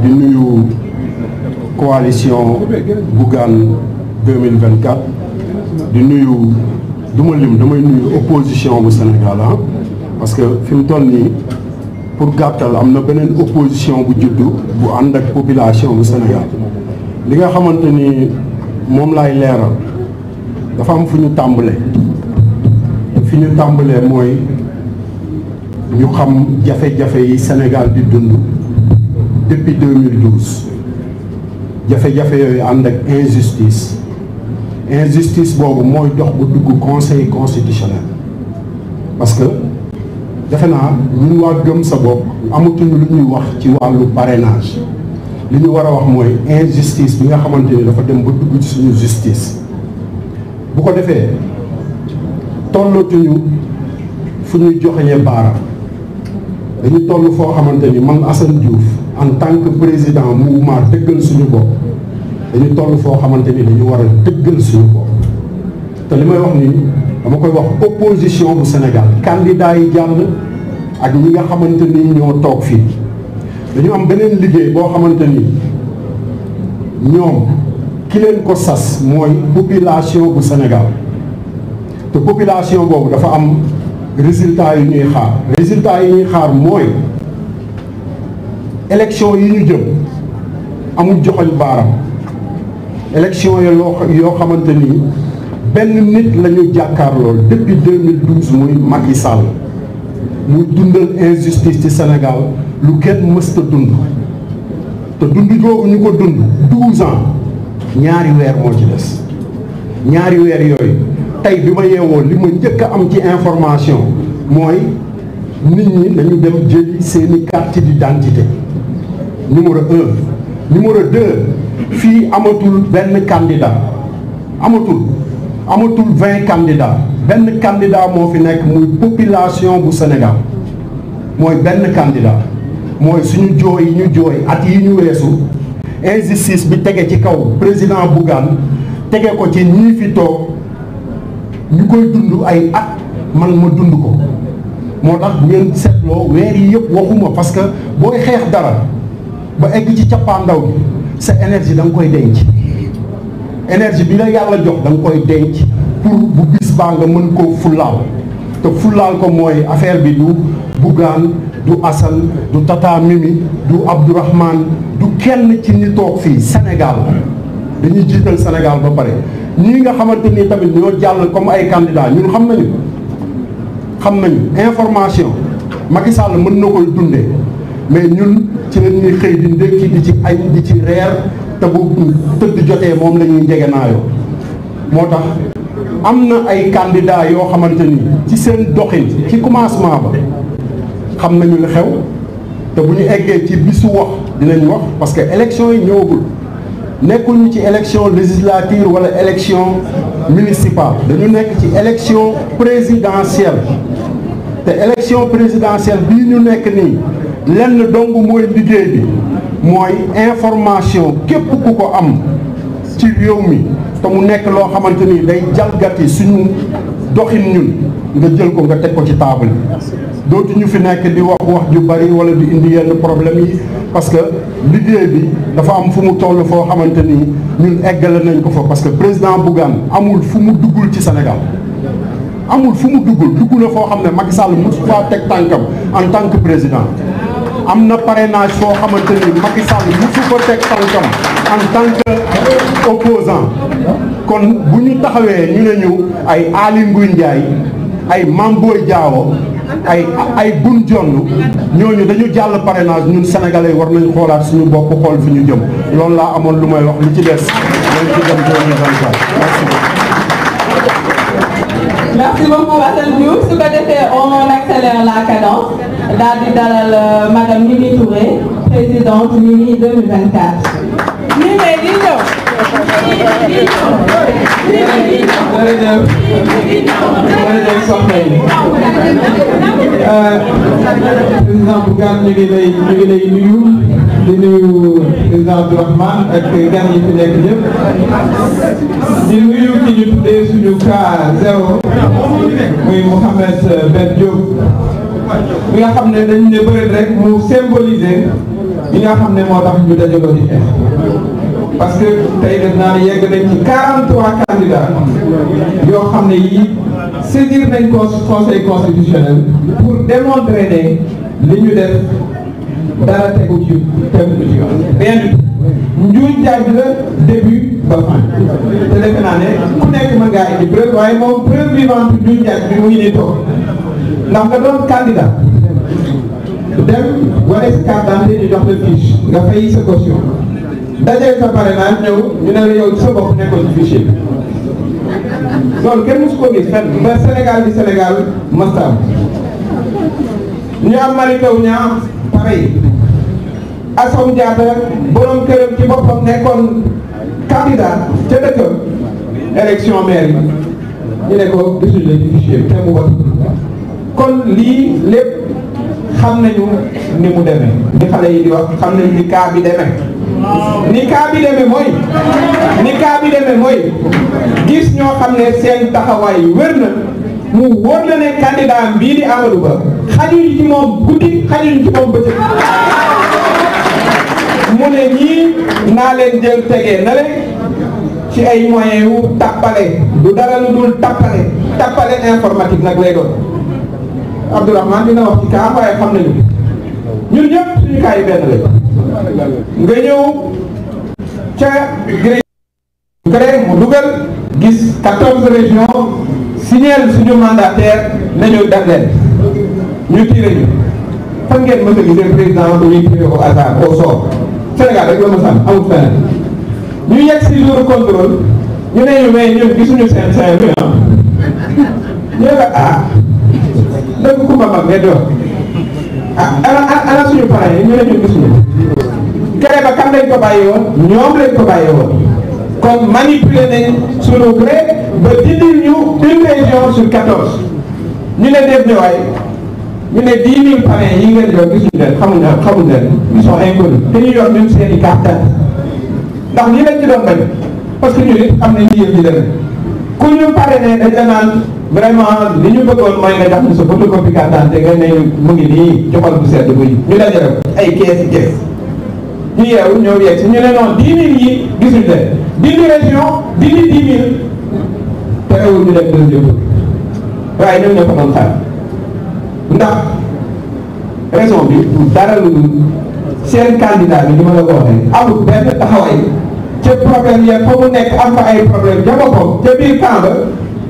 di nuyu coalition Bougane 2024 di nuyu duma lim damay nuyu opposition bu Sénégal ah parce que fi mu toll nii pour gàttal am na beneen opposition bu juddu bu ànd ak population bu Sénégal li nga xamante ni moom laay leeral dafa am fu ñu tàmbalee fi ñu tàmbalee mooy ñu xam jafe-jafe yi Sénégal di dund depuis 2012 jafe-jafe yooyu ànd ak injustice injustice boobu mooy dox bu dugg conseil constitutionnel parce que defe naa ñun waa gëm sa bopp amatuñu lu ñuy wax ci wàllu parrainage li ñu war a wax mooy injustice bi nga xamante ni dafa dem ba dugg ci suñu justice bu ko defee tollatuñu fu ñuy joxeñee baaraam dañu toll foo xamante ni man Assane Diouf en tant que président mouvement dëggal suñu bopp dañu toll foo xamante ni dañu war a dëggal suñu bopp te li may wax nii dama koy wax opposition bu Sénégal candidat yi jàll ak ñi nga xamante ni ñoo toog fii dañu am beneen liggéey boo xamante ni ñoom ki leen ko sas mooy population bu Sénégal te population boobu dafa am résultat yu ñuy xaar résiltat yu ñuy xaar mooy élection yi ñu jëm amul joxoñ baaram élection loo yoo xamante ni benn nit la ñu jàkkaarlool depuis 2012 muy yi Sall muy dundal injustice ci Sénégal lu kenn mësta dund te dund googu ñu ko dund 12 ans ñaari weer moo ci des ñaari weer yooyu tey bi ma yeewoo li ma njëkk a am ci information mooy nit ñi dañu dem jëli seeni carte d'identité numéro un numéro deux fii amatul benn candidat amatul amatul vingt candidat benn candidat moo fi nekk muy population bu Sénégal mooy benn candidat mooy suñu jooy yi ñu jooy at yi ñu weesu bi tege ci kaw président bu Bougane tege ko ci ñii fi toog ñu koy dund ay at man ma dund ko moo tax bu ngeen seetloo weer yi yëpp waxuma parce que booy xeex dara ba egg ci cappaandaw bi sa énergie da koy denc énergie bi la yàlla jox da koy denc pour bu bis baa nga mën koo fullaal te fullaal ko mooy affaire bi du Bougane du Assane du Tata du Abdourahmane du kenn ci nitook toog fii Sénégal dañuy jiital Sénégal ba pare ñii nga xamante ni tamit ñoo jàll comme ay candidats ñun xam nañu xam nañu information Macky Sall mën na koy dundee mais ñun ci la xëy di ndékki di ci ay di ci reer te bu tëdd jotee moom la ñuy njegenaayoo moo tax am na ay candidats yoo xamante ni ci seen doxin ci commencement ba xam nañu li xew te bu ñu eggee ci bisu wax dinañ wax parce que élection yi ñëwagul. nekkuñu ci élection législative wala élection municipale dañu nekk ci élection présidentielle te élection présidentielle bi ñu nekk nii lenn dong mooy liggéey bi mooy information képp ku ko am ci yow mi te mu nekk loo xamante ni day jalgati suñu doxin ñun nga jël ko nga teg ko ci table dootu ñu fi nekk di wax wax ju bari wala di indi yenn problème yi parce que liggéey bi dafa am fu mu toll foo xamante ni ñun eggale nañ ko fa parce que président Bougane amul fu mu duggul ci Sénégal amul fu mu duggul duggu na foo xam ne Macky Sall mosu teg tànkam en tant que président am na parrainage foo xamante ni Macky Sall mosu ko teg tànkam en tant que kon bu ñu taxawee ñu ne ñu ay Aly Ngouille ay Mame Boye Diao ay ay bun jonn ñooñu dañu jàll parrainage ñun sénégalais war nañ xoolaat suñu bokk xool fi ñu jëm loolu laa amoon lu may wax li ci des nañ ci dem 2024 merci beaucoup. merci beaucoup Assane Diouf su ko defee on accélère la cadence daal ñëw. wala dem wala dem soxna yi président Bougane ñu ngi lay ñu ngi lay nuyu di nuyu président Abdourahmane ak gan yi fi nekk ñëpp di nuyu ki ñu tuddee suñu cas zéro muy Mouhamed Ben Diop mi nga xam ne dañ ne bëri rek mu symboliser mi nga xam ne moo tax ñu dajaloo di xeex parce que tey def naa ne yegg nañ ci 43 candidats yoo xam ne yii saisir nañ ko conseil constitutionnel pour démontrer ne li ñu def dara tegu ci tegu ci yoon. rien du tout ne ku nekk mën ngaa indi preuve waaye moom preuve vivante njuuñ jaaj bi mu ngi nii toog ndax doon candidat dem wala si carte d'identité ñu jox la fiche nga fay sa caution. daje sa parrainage ñëw ñu ne la yow sa bopp nekkoon ci fichier kenn mosu ko gis fenn ba Sénégal bi Sénégal mastam ñu am Mary Teuw Niane pareil Assome Diatta borom këram ci boppam nekkoon candidat ca dëkkam élection maire ñu ne ko gisuñu la ci fichier mu wat kon lii lépp xam ni mu demee li xale yi ni cas bi ni kaa bi mooy ni kaa bi mooy gis ñoo xam ne seen taxawaay wér na mu wóor ne candidat bii di Amadou Ba xajuñ ci moom guddi xajuñ ci moom bëccëg mu ne ñii naa leen jël tegee na leen ci ay moyens yu tappale du dara lu dul tappale tappale informatique nag lay doon Abdourahmane dina wax ci kaa xam nañu ñun ñëpp suñu benn lañ nga ñëw ca gré cré mu dugal gis quatorze régions signeel suñu mandataire nañu def leen ñu tiré ñu fan ngeen mën a gisee président dañuy tiré au hasard au sort Sénégal rek la ma sàmm amul feneen ñu si jour contrôle ñu ne ñu may ñun gisuñu seen cinq mille ah. ñu ne ah dëgg ku ma ah, ana ana suñu parents yi ñu ne ñu gisuñu tere ba kam lañ ko yoo woon ñoom lañ ko bàyyi woon kon manipuler nañ sunu gré ba dindil ñu une région sur quatorze ñu ne def ne waaye ñu ne dix mille parrains yi ngeen doon gisuñu leen xamuñu xamuñu leen ils sont inconnus te ñu yor même seen i carte ndax ñi lañ ci doon bañ parce que ñu nit am nañ ci yëf yi demee ku ñu parrainé dañ la naan vraiment li ñu bëggoon mooy nga jox ñu sa photocopie carte d'identité nga ne mu ngi nii joxal bu sedd bu ñu ñu dajale ko ay kees kees ñu yeewu ñoo yegg si ñu ne noonu dix mille yi gisuñu leen dindi région dindi dix mille te ewul ñu dem deuxième tour waaye ñoom ñoo ko doon xaar ndax raison bi du dara lu seen candidat bi ni ma la ko waxee amul benn taxawaay ca problème yeeg fa mu nekk am fa ay problème ja boppam ca biir camp ba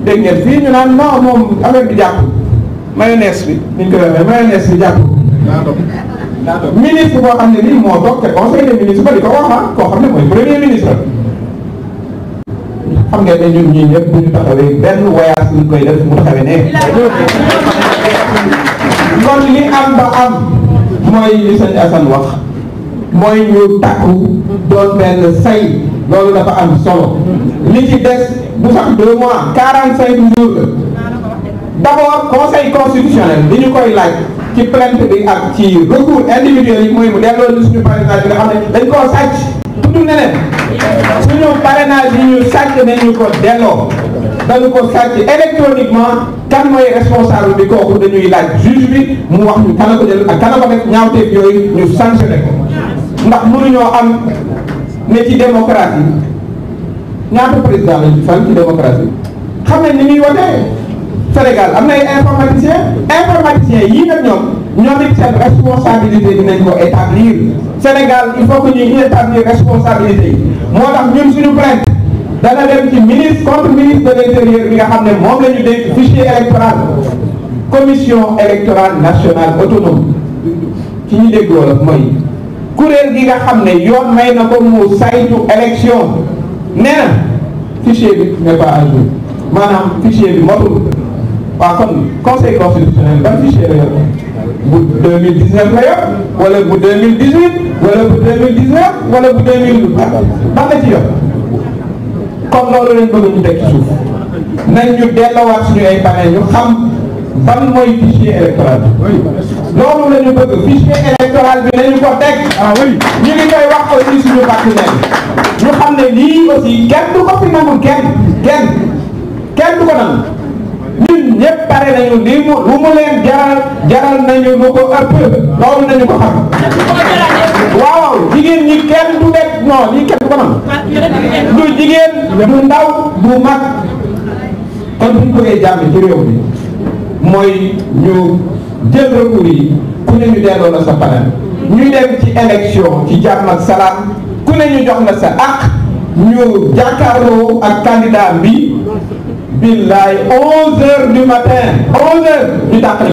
dégg ngeen fii ñu naan non moom affaire bi jàpp mayonnaise bi ni ñu koy waxee mayonnaise bi jàpp ministre boo xam ne nii moo toog te conseil des ba di ko wax ah koo xam ne premier ministre. xam ngeen ne ñun ñii ñëpp bu ñu taxawee benn voyage bu ñu koy def mu taxawee ne. kon li am ba am mooy li sëñ Assane wax mooy ñu takku doon benn say loolu dafa am solo li ci des bu sax deux mois quarante cinq jours la d'abord conseil constitutionnel li ñu koy laaj. ci plainte bi ak ci recours individuel yi mooy mu delloo ñu suñu parrainage bi nga xam ne dañ koo sàcc tudd neneen suñu parrainage yi ñu sàcc nañu ko delloo dañu ko sàcc électroniquement kan mooy responsable bi kooku dañuy laaj juge bi mu wax ñu kan la ko ak kan la ko yooyu ñu sanctionné ko ndax mënuñoo am ne ci démocratie ñaata président lañu fal ci démocratie xam ne ni ñuy wotee Sénégal am na ay informaticiens informaticiens yii nag ñoo ñoom it seen responsabilité dinañ ko établir Sénégal il faut que ñuy établir responsabilité moo tax ñun suñu plainte dana dem ci ministre contre ministre de l'intérieur bi nga xam ne moom la ñu fichier électoral commission électorale nationale autonome ci ñu dégg wolof mooy kuréel gi nga xam ne yoon may na ko mu saytu élection nee fichier bi n'est pas à maanaam fichier bi motul. waa kon conseil constitutionnel ban fichier la yor bu 2019 la yor wala bu 2018 wala bu 2019 wala bu 2012 ban la ci yor kon loolu lañ bëgg ñu teg ci suuf nañ ñu delloowaat suñu ay panel ñu xam ban mooy fichier électoral bi loolu la ñu bëgg fichier électoral bi nañu ko teg ah oui ñu ngi koy wax aussi suñu partenaire ñu xam ne lii aussi kenn du ko fi nangul kenn kenn kenn du ko nangu ñëpp pare nañu lii mu lu mu leen jaral jaral nañu lu ko ëpp loolu nañu ko xam waaw jigéen ñi kenn du nekk non lii kenn du ko jigéen du ndaw du mag kon bu ñu bëggee jàmm ci réew mi mooy ñu jël recours yi ku ne ñu delloo la sa panel ñu dem ci élection ci jàmm ak salaam ku ne ñu jox la sa àq ñu jàkkaarloo ak candidat bi billaay 11h du matin 11h ñu dàq